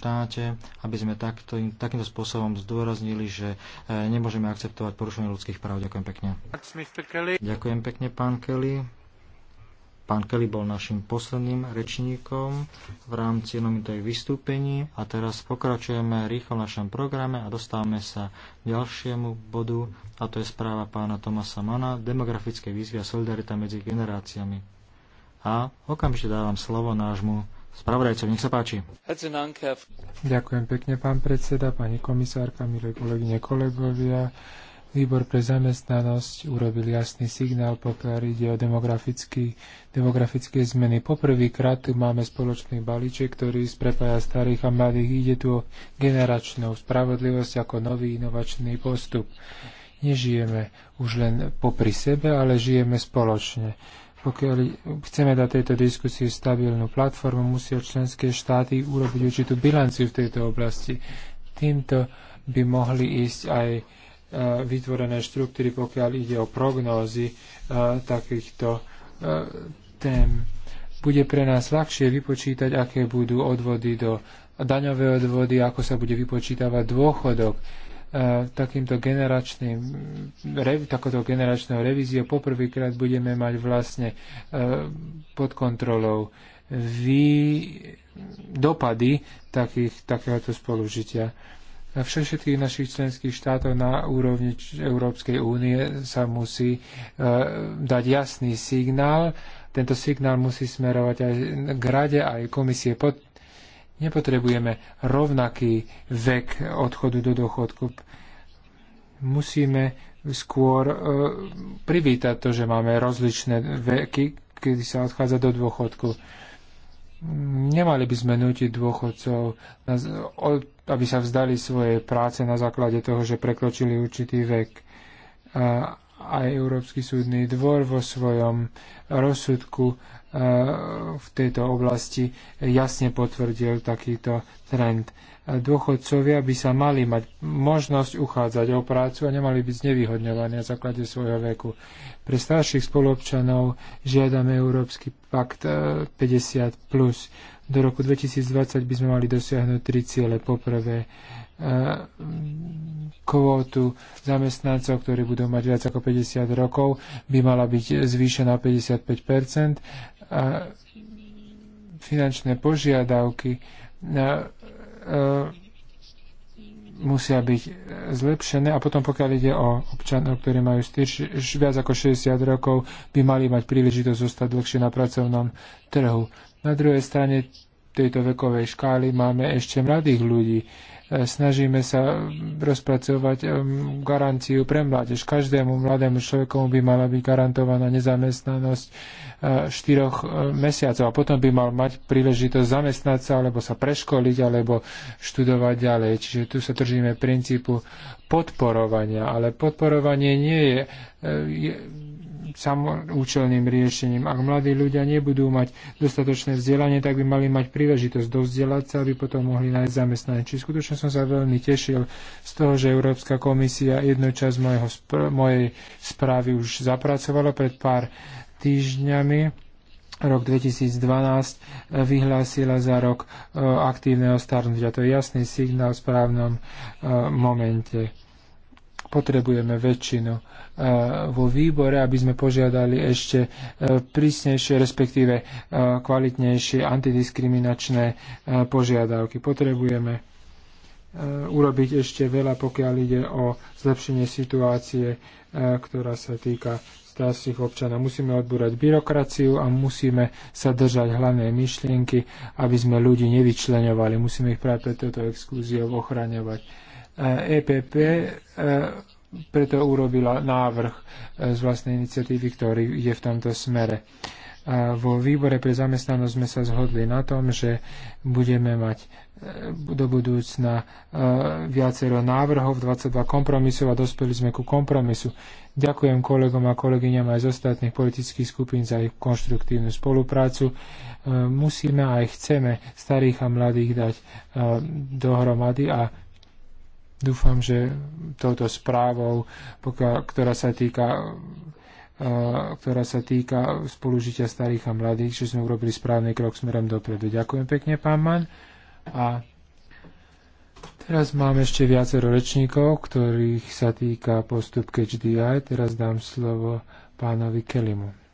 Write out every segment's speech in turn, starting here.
štáte, aby sme takto, takýmto spôsobom zdôraznili, že e, nemôžeme akceptovať porušenie ľudských práv. Ďakujem pekne. Ďakujem pekne, pán Kelly. Pán Kelly bol našim posledným rečníkom v rámci jednominutých vystúpení a teraz pokračujeme rýchlo v našom programe a dostávame sa k ďalšiemu bodu a to je správa pána Tomasa Mana demografické výzvy a solidarita medzi generáciami. A okamžite dávam slovo nášmu spravodajcov. Nech sa páči. Ďakujem pekne, pán predseda, pani komisárka, milé kolegyne, kolegovia. Výbor pre zamestnanosť urobil jasný signál, pokiaľ ide o demografické zmeny. Poprvýkrát tu máme spoločný balíček, ktorý sprepája starých a mladých. Ide tu o generačnú spravodlivosť ako nový inovačný postup. Nežijeme už len popri sebe, ale žijeme spoločne pokiaľ chceme dať tejto diskusii stabilnú platformu, musia členské štáty urobiť určitú bilanciu v tejto oblasti. Týmto by mohli ísť aj e, vytvorené štruktúry, pokiaľ ide o prognózy e, takýchto e, tém. Bude pre nás ľahšie vypočítať, aké budú odvody do daňové odvody, ako sa bude vypočítavať dôchodok takýmto generačným, rev, takouto generačnou revíziou poprvýkrát budeme mať vlastne e, pod kontrolou vý, dopady takých, takéhoto spolužitia. Však všetkých našich členských štátov na úrovni Európskej únie sa musí e, dať jasný signál. Tento signál musí smerovať aj k rade, aj komisie pod, Nepotrebujeme rovnaký vek odchodu do dôchodku. Musíme skôr e, privítať to, že máme rozličné veky, kedy sa odchádza do dôchodku. Nemali by sme nutiť dôchodcov, aby sa vzdali svojej práce na základe toho, že prekročili určitý vek. A aj Európsky súdny dvor vo svojom rozsudku e, v tejto oblasti jasne potvrdil takýto trend. E, dôchodcovia by sa mali mať možnosť uchádzať o prácu a nemali byť znevýhodňovaní na základe svojho veku. Pre starších spolupčanov žiadame Európsky pakt 50+. E, plus do roku 2020 by sme mali dosiahnuť tri ciele. Poprvé, e, kvótu zamestnancov, ktorí budú mať viac ako 50 rokov, by mala byť zvýšená 55 a finančné požiadavky na, e, a, e, musia byť zlepšené a potom pokiaľ ide o občanov, ktorí majú styrš, viac ako 60 rokov, by mali mať príležitosť zostať dlhšie na pracovnom trhu. Na druhej strane tejto vekovej škály máme ešte mladých ľudí. E, snažíme sa rozpracovať e, garanciu pre mládež. Každému mladému človeku by mala byť garantovaná nezamestnanosť 4 e, mesiacov a potom by mal mať príležitosť zamestnať sa alebo sa preškoliť alebo študovať ďalej. Čiže tu sa držíme princípu podporovania, ale podporovanie nie je, je samoučelným riešením. Ak mladí ľudia nebudú mať dostatočné vzdelanie, tak by mali mať príležitosť dovzdelať sa, aby potom mohli nájsť zamestnanie. Či skutočne som sa veľmi tešil z toho, že Európska komisia jednu časť mojho, spr- mojej správy už zapracovala pred pár týždňami rok 2012 e, vyhlásila za rok e, aktívneho starnutia. To je jasný signál v správnom e, momente potrebujeme väčšinu eh, vo výbore, aby sme požiadali ešte eh, prísnejšie, respektíve eh, kvalitnejšie antidiskriminačné požiadavky. Potrebujeme urobiť ešte veľa, pokiaľ ide o zlepšenie situácie, ktorá sa týka starších občanov. Musíme odbúrať byrokraciu a musíme sa držať hlavnej myšlienky, aby sme ľudí nevyčlenovali. Musíme ich práve pre toto exkluziou ochraňovať EPP e e, preto urobila návrh e, z vlastnej iniciatívy, ktorý je v tomto smere. A vo výbore pre zamestnanosť sme sa zhodli na tom, že budeme mať do budúcna viacero návrhov, 22 kompromisov a dospeli sme ku kompromisu. Ďakujem kolegom a kolegyňam aj z ostatných politických skupín za ich konštruktívnu spoluprácu. Musíme aj chceme starých a mladých dať dohromady a Dúfam, že touto správou, ktorá sa týka e, ktorá sa týka spolužitia starých a mladých, že sme urobili správny krok smerom dopredu. Ďakujem pekne, pán Man. A teraz mám ešte viacero rečníkov, ktorých sa týka postup HDI. Teraz dám slovo pánovi Kelimu.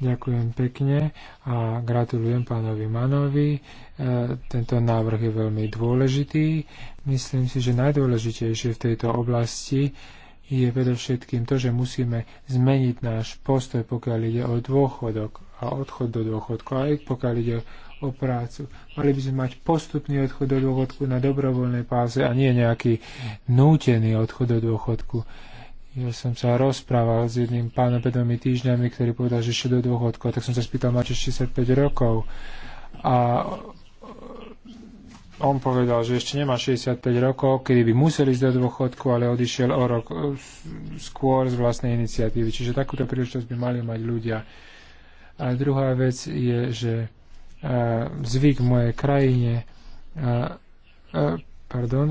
Ďakujem pekne a gratulujem pánovi Manovi. E, tento návrh je veľmi dôležitý. Myslím si, že najdôležitejšie v tejto oblasti je predovšetkým to, že musíme zmeniť náš postoj, pokiaľ ide o dôchodok a odchod do dôchodku, aj pokiaľ ide o prácu. Mali by sme mať postupný odchod do dôchodku na dobrovoľnej páze a nie nejaký nútený odchod do dôchodku ja som sa rozprával s jedným pánom pred dvomi týždňami, ktorý povedal, že ešte do dôchodku. Tak som sa spýtal, máte 65 rokov. A on povedal, že ešte nemá 65 rokov, kedy by musel ísť do dôchodku, ale odišiel o rok e, skôr z vlastnej iniciatívy. Čiže takúto príležitosť by mali mať ľudia. A druhá vec je, že e, zvyk v mojej krajine e, pardon,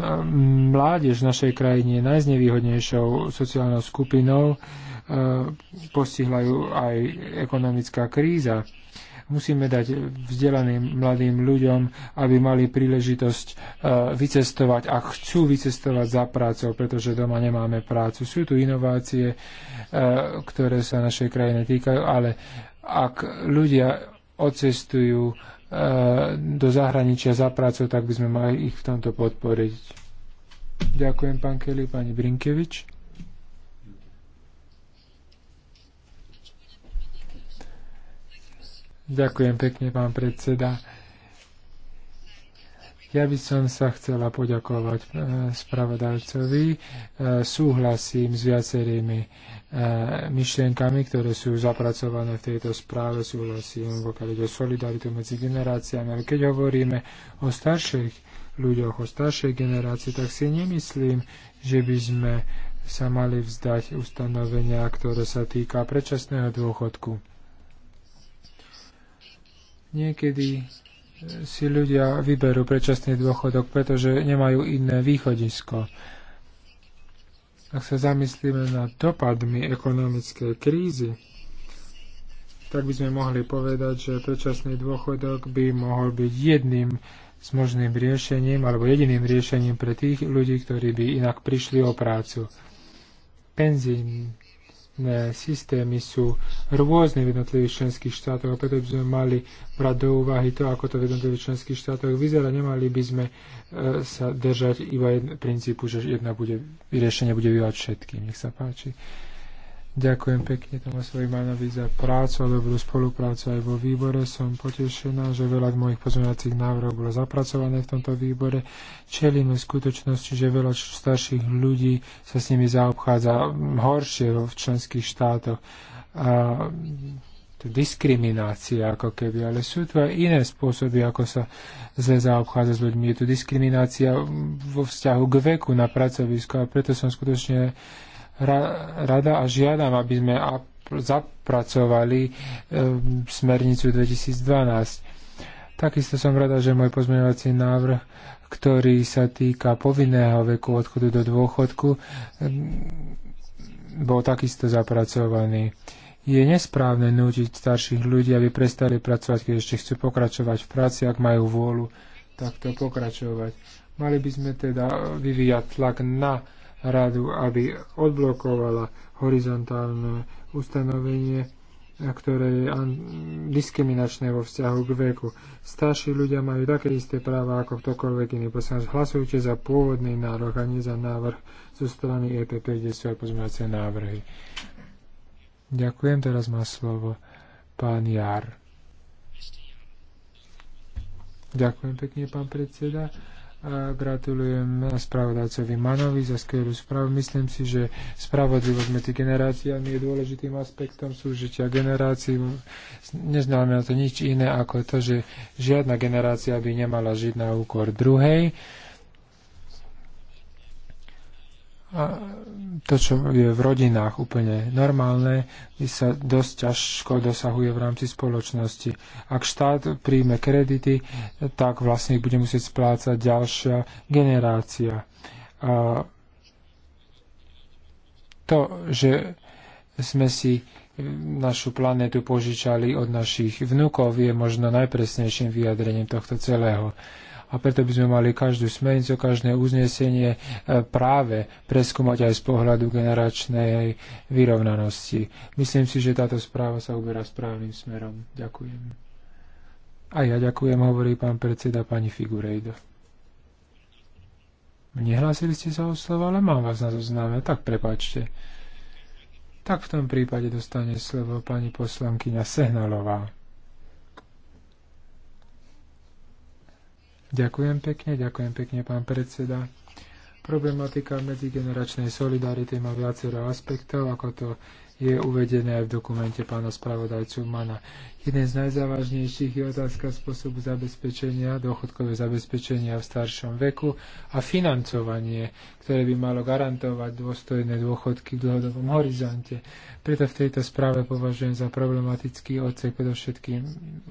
mládež v našej krajine je najznevýhodnejšou sociálnou skupinou, e, postihla ju aj ekonomická kríza. Musíme dať vzdelaným mladým ľuďom, aby mali príležitosť e, vycestovať, a chcú vycestovať za prácou, pretože doma nemáme prácu. Sú tu inovácie, e, ktoré sa našej krajine týkajú, ale ak ľudia odcestujú do zahraničia za prácu, tak by sme mali ich v tomto podporiť. Ďakujem, pán Kelly, pani Brinkevič. Ďakujem pekne, pán predseda. Ja by som sa chcela poďakovať eh, spravodajcovi. Eh, súhlasím s viacerými eh, myšlienkami, ktoré sú zapracované v tejto správe. Súhlasím, v ide o solidaritu medzi generáciami. Ale keď hovoríme o starších ľuďoch, o staršej generácii, tak si nemyslím, že by sme sa mali vzdať ustanovenia, ktoré sa týka predčasného dôchodku. Niekedy si ľudia vyberú predčasný dôchodok, pretože nemajú iné východisko. Ak sa zamyslíme nad dopadmi ekonomickej krízy, tak by sme mohli povedať, že predčasný dôchodok by mohol byť jedným s možným riešením alebo jediným riešením pre tých ľudí, ktorí by inak prišli o prácu. Penzín, Ne systémy sú rôzne v jednotlivých členských štátoch a preto by sme mali brať do úvahy to, ako to v jednotlivých členských štátoch vyzerá. Nemali by sme e, sa držať iba jedn- princípu, že jedna bude, riešenie bude vyvať všetkým. Nech sa páči. Ďakujem pekne Tomasovi Manovi za prácu a dobrú spoluprácu aj vo výbore. Som potešená, že veľa mojich pozmeňovacích návrhov bolo zapracované v tomto výbore. Čelíme skutočnosti, že veľa starších ľudí sa s nimi zaobchádza horšie v členských štátoch. A diskriminácia ako keby, ale sú tu aj iné spôsoby, ako sa zle zaobchádza s ľuďmi. Je tu diskriminácia vo vzťahu k veku na pracovisko, a preto som skutočne rada a žiadam, aby sme zapracovali e, smernicu 2012. Takisto som rada, že môj pozmeňovací návrh, ktorý sa týka povinného veku odchodu do dôchodku, e, bol takisto zapracovaný. Je nesprávne nútiť starších ľudí, aby prestali pracovať, keď ešte chcú pokračovať v práci, ak majú vôľu takto pokračovať. Mali by sme teda vyvíjať tlak na radu, aby odblokovala horizontálne ustanovenie, ktoré je diskriminačné vo vzťahu k veku. Starší ľudia majú také isté práva ako ktokoľvek iný. Prosím vás, hlasujte za pôvodný nárok a nie za návrh zo strany EPP, kde sú aj pozmeňovacie návrhy. Ďakujem, teraz má slovo pán Jar. Ďakujem pekne, pán predseda. Gratulujem spravodajcovi Manovi za skvelú správu. Myslím si, že spravodlivosť medzi generáciami je dôležitým aspektom súžitia generácií. Neznamená to nič iné ako to, že žiadna generácia by nemala žiť na úkor druhej. A to, čo je v rodinách úplne normálne, sa dosť ťažko dosahuje v rámci spoločnosti. Ak štát príjme kredity, tak vlastne ich bude musieť splácať ďalšia generácia. A to, že sme si našu planetu požičali od našich vnúkov, je možno najpresnejším vyjadrením tohto celého. Uh, a preto by sme mali každú smernicu, každé uznesenie e, práve preskúmať aj z pohľadu generačnej vyrovnanosti. Myslím si, že táto správa sa uberá správnym smerom. Ďakujem. A ja ďakujem, hovorí pán predseda pani Figurejdo. Nehlásili ste sa o slovo, ale mám vás na zozname, tak prepačte. Tak v tom prípade dostane slovo pani poslankyňa Sehnalová. Ďakujem pekne, ďakujem pekne, pán predseda. Problematika medzigeneračnej solidarity má viacero aspektov, ako to je uvedené aj v dokumente pána spravodajcu Mana. Jeden z najzávažnejších je otázka spôsobu zabezpečenia, dôchodkové zabezpečenia v staršom veku a financovanie, ktoré by malo garantovať dôstojné dôchodky v dlhodobom horizonte. Preto v tejto správe považujem za problematický odsek predovšetkým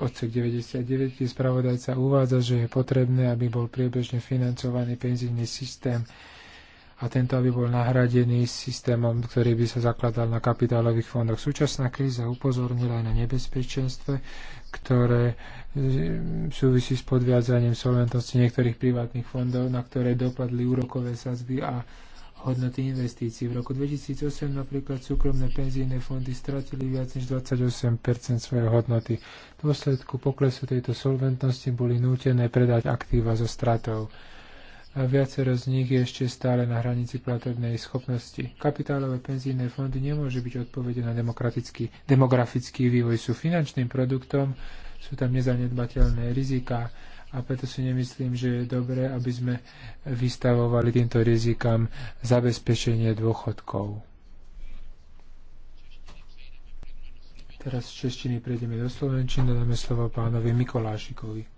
odsek 99, kde spravodajca uvádza, že je potrebné, aby bol priebežne financovaný penzijný systém a tento aby bol nahradený systémom, ktorý by sa zakladal na kapitálových fondoch. Súčasná kríza upozornila aj na nebezpečenstve, ktoré e, súvisí s podviazaním solventnosti niektorých privátnych fondov, na ktoré dopadli úrokové sazby a hodnoty investícií. V roku 2008 napríklad súkromné penzijné fondy stratili viac než 28 svojej hodnoty. V dôsledku poklesu tejto solventnosti boli nútené predať aktíva so stratou. Viacero z nich je ešte stále na hranici platobnej schopnosti. Kapitálové penzijné fondy nemôže byť odpovede na demokratický, demografický vývoj. Sú finančným produktom, sú tam nezanedbateľné rizika a preto si nemyslím, že je dobré, aby sme vystavovali týmto rizikám zabezpečenie dôchodkov. Teraz z češtiny prejdeme do slovenčiny, dáme slovo pánovi Mikolášikovi.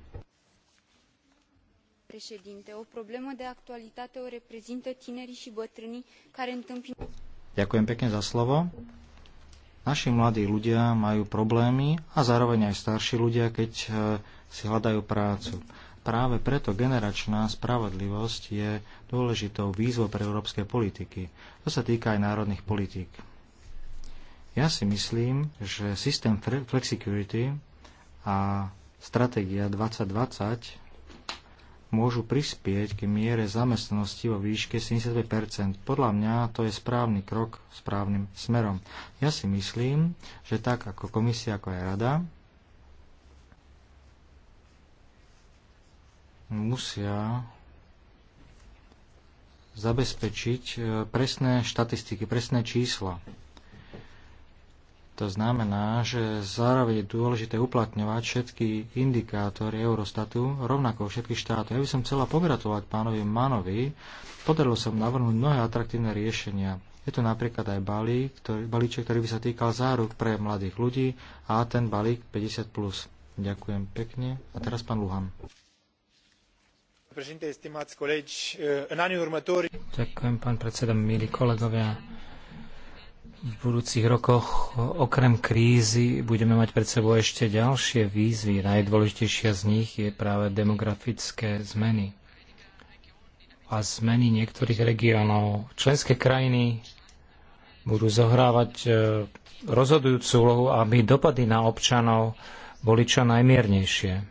o problemă de actualitate o reprezintă tinerii și bătrânii care întâmpină... Ďakujem pekne za slovo. Naši mladí ľudia majú problémy a zároveň aj starší ľudia, keď e, si hľadajú prácu. Práve preto generačná spravodlivosť je dôležitou výzvou pre európske politiky. To sa týka aj národných politík. Ja si myslím, že systém flexicurity a stratégia 2020 môžu prispieť k miere zamestnanosti vo výške 75 Podľa mňa to je správny krok správnym smerom. Ja si myslím, že tak ako komisia, ako aj rada, musia zabezpečiť eh, presné štatistiky, presné čísla to znamená, že zároveň je dôležité uplatňovať všetky indikátory Eurostatu rovnako všetky štátov. Ja by som chcela pogratulovať pánovi Manovi. Podarilo sa navrhnúť mnohé atraktívne riešenia. Je to napríklad aj balík, ktorý, balíček, ktorý by sa týkal záruk pre mladých ľudí a ten balík 50+. Plus. Ďakujem pekne. A teraz pán Luhan. Ďakujem, pán predseda, milí kolegovia v budúcich rokoch okrem krízy budeme mať pred sebou ešte ďalšie výzvy. Najdôležitejšia z nich je práve demografické zmeny a zmeny niektorých regiónov. Členské krajiny budú zohrávať e, rozhodujúcu úlohu, aby dopady na občanov boli čo najmiernejšie.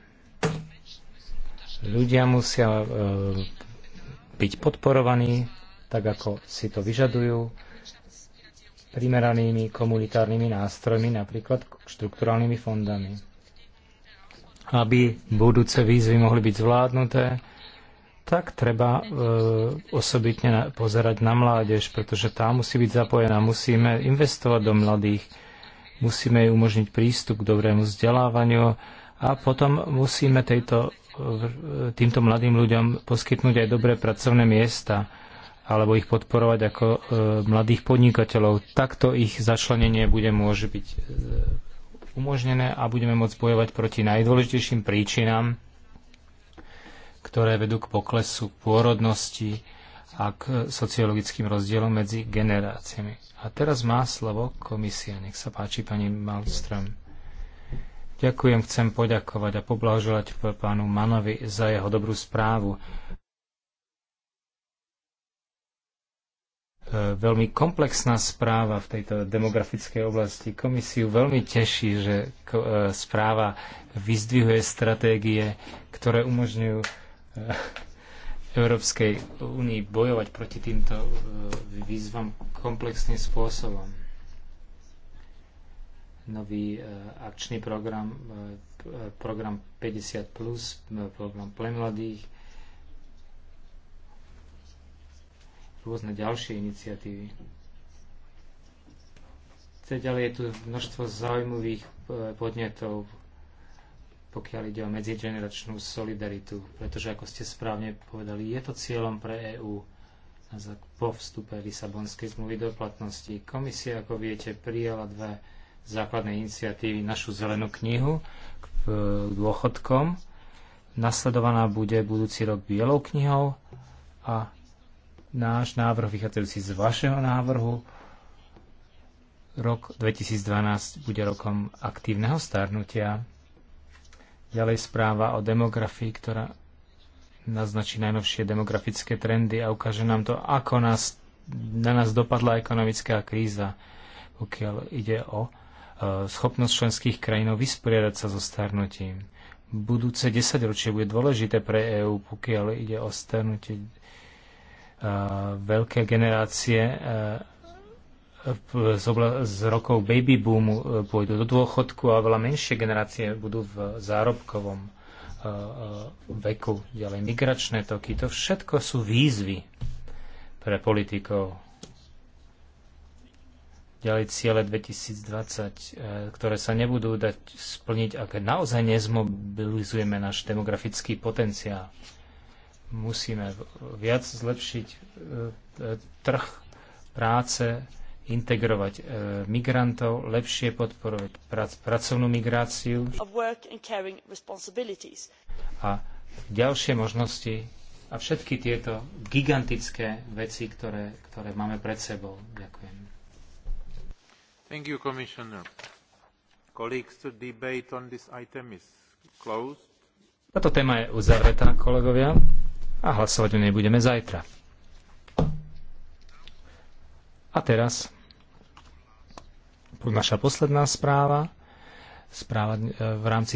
Ľudia musia e, byť podporovaní tak, ako si to vyžadujú primeranými komunitárnymi nástrojmi, napríklad štrukturálnymi fondami. Aby budúce výzvy mohli byť zvládnuté, tak treba e, osobitne na, pozerať na mládež, pretože tá musí byť zapojená. Musíme investovať do mladých, musíme jej umožniť prístup k dobrému vzdelávaniu a potom musíme tejto, týmto mladým ľuďom poskytnúť aj dobré pracovné miesta alebo ich podporovať ako e, mladých podnikateľov. Takto ich začlenenie bude môže byť e, umožnené a budeme môcť bojovať proti najdôležitejším príčinám, ktoré vedú k poklesu pôrodnosti a k e, sociologickým rozdielom medzi generáciami. A teraz má slovo komisia. Nech sa páči, pani Malström. Ďakujem, chcem poďakovať a poblahoželať pánu Manovi za jeho dobrú správu. E, veľmi komplexná správa v tejto demografickej oblasti. Komisiu veľmi teší, že e, správa vyzdvihuje stratégie, ktoré umožňujú e, Európskej únii bojovať proti týmto výzvam komplexným spôsobom. Nový akčný program, program 50+, program pre mladých, rôzne ďalšie iniciatívy. Ďalej je tu množstvo zaujímavých eh, podnetov, pokiaľ ide o medzigeneračnú solidaritu, pretože ako ste správne povedali, je to cieľom pre EÚ po vstupe Lisabonskej zmluvy do platnosti. Komisia, ako viete, prijala dve základné iniciatívy, našu zelenú knihu k eh, dôchodkom, nasledovaná bude budúci rok bielou knihou a náš návrh vychádzajúci z vašeho návrhu. Rok 2012 bude rokom aktívneho starnutia. Ďalej správa o demografii, ktorá naznačí najnovšie demografické trendy a ukáže nám to, ako nás, na nás dopadla ekonomická kríza, pokiaľ ide o e, schopnosť členských krajinov vysporiadať sa so starnutím. Budúce desaťročie bude dôležité pre EÚ, pokiaľ ide o starnutie Eh, veľké generácie eh, z, z rokov baby boomu eh, pôjdu do dôchodku a veľa menšie generácie budú v zárobkovom veku. Ďalej migračné toky, to všetko sú výzvy pre politikov. Ďalej ciele 2020, ktoré sa nebudú dať splniť, ak naozaj nezmobilizujeme náš demografický potenciál. Musíme viac zlepšiť e, e, trh práce, integrovať e, migrantov, lepšie podporovať prac, pracovnú migráciu a ďalšie možnosti a všetky tieto gigantické veci, ktoré, ktoré máme pred sebou. Ďakujem. Thank you, Commissioner. Colleagues, the debate on this item is closed. Táto téma je uzavretá, kolegovia a hlasovať o nej budeme zajtra. A teraz naša posledná správa, správa e, v rámci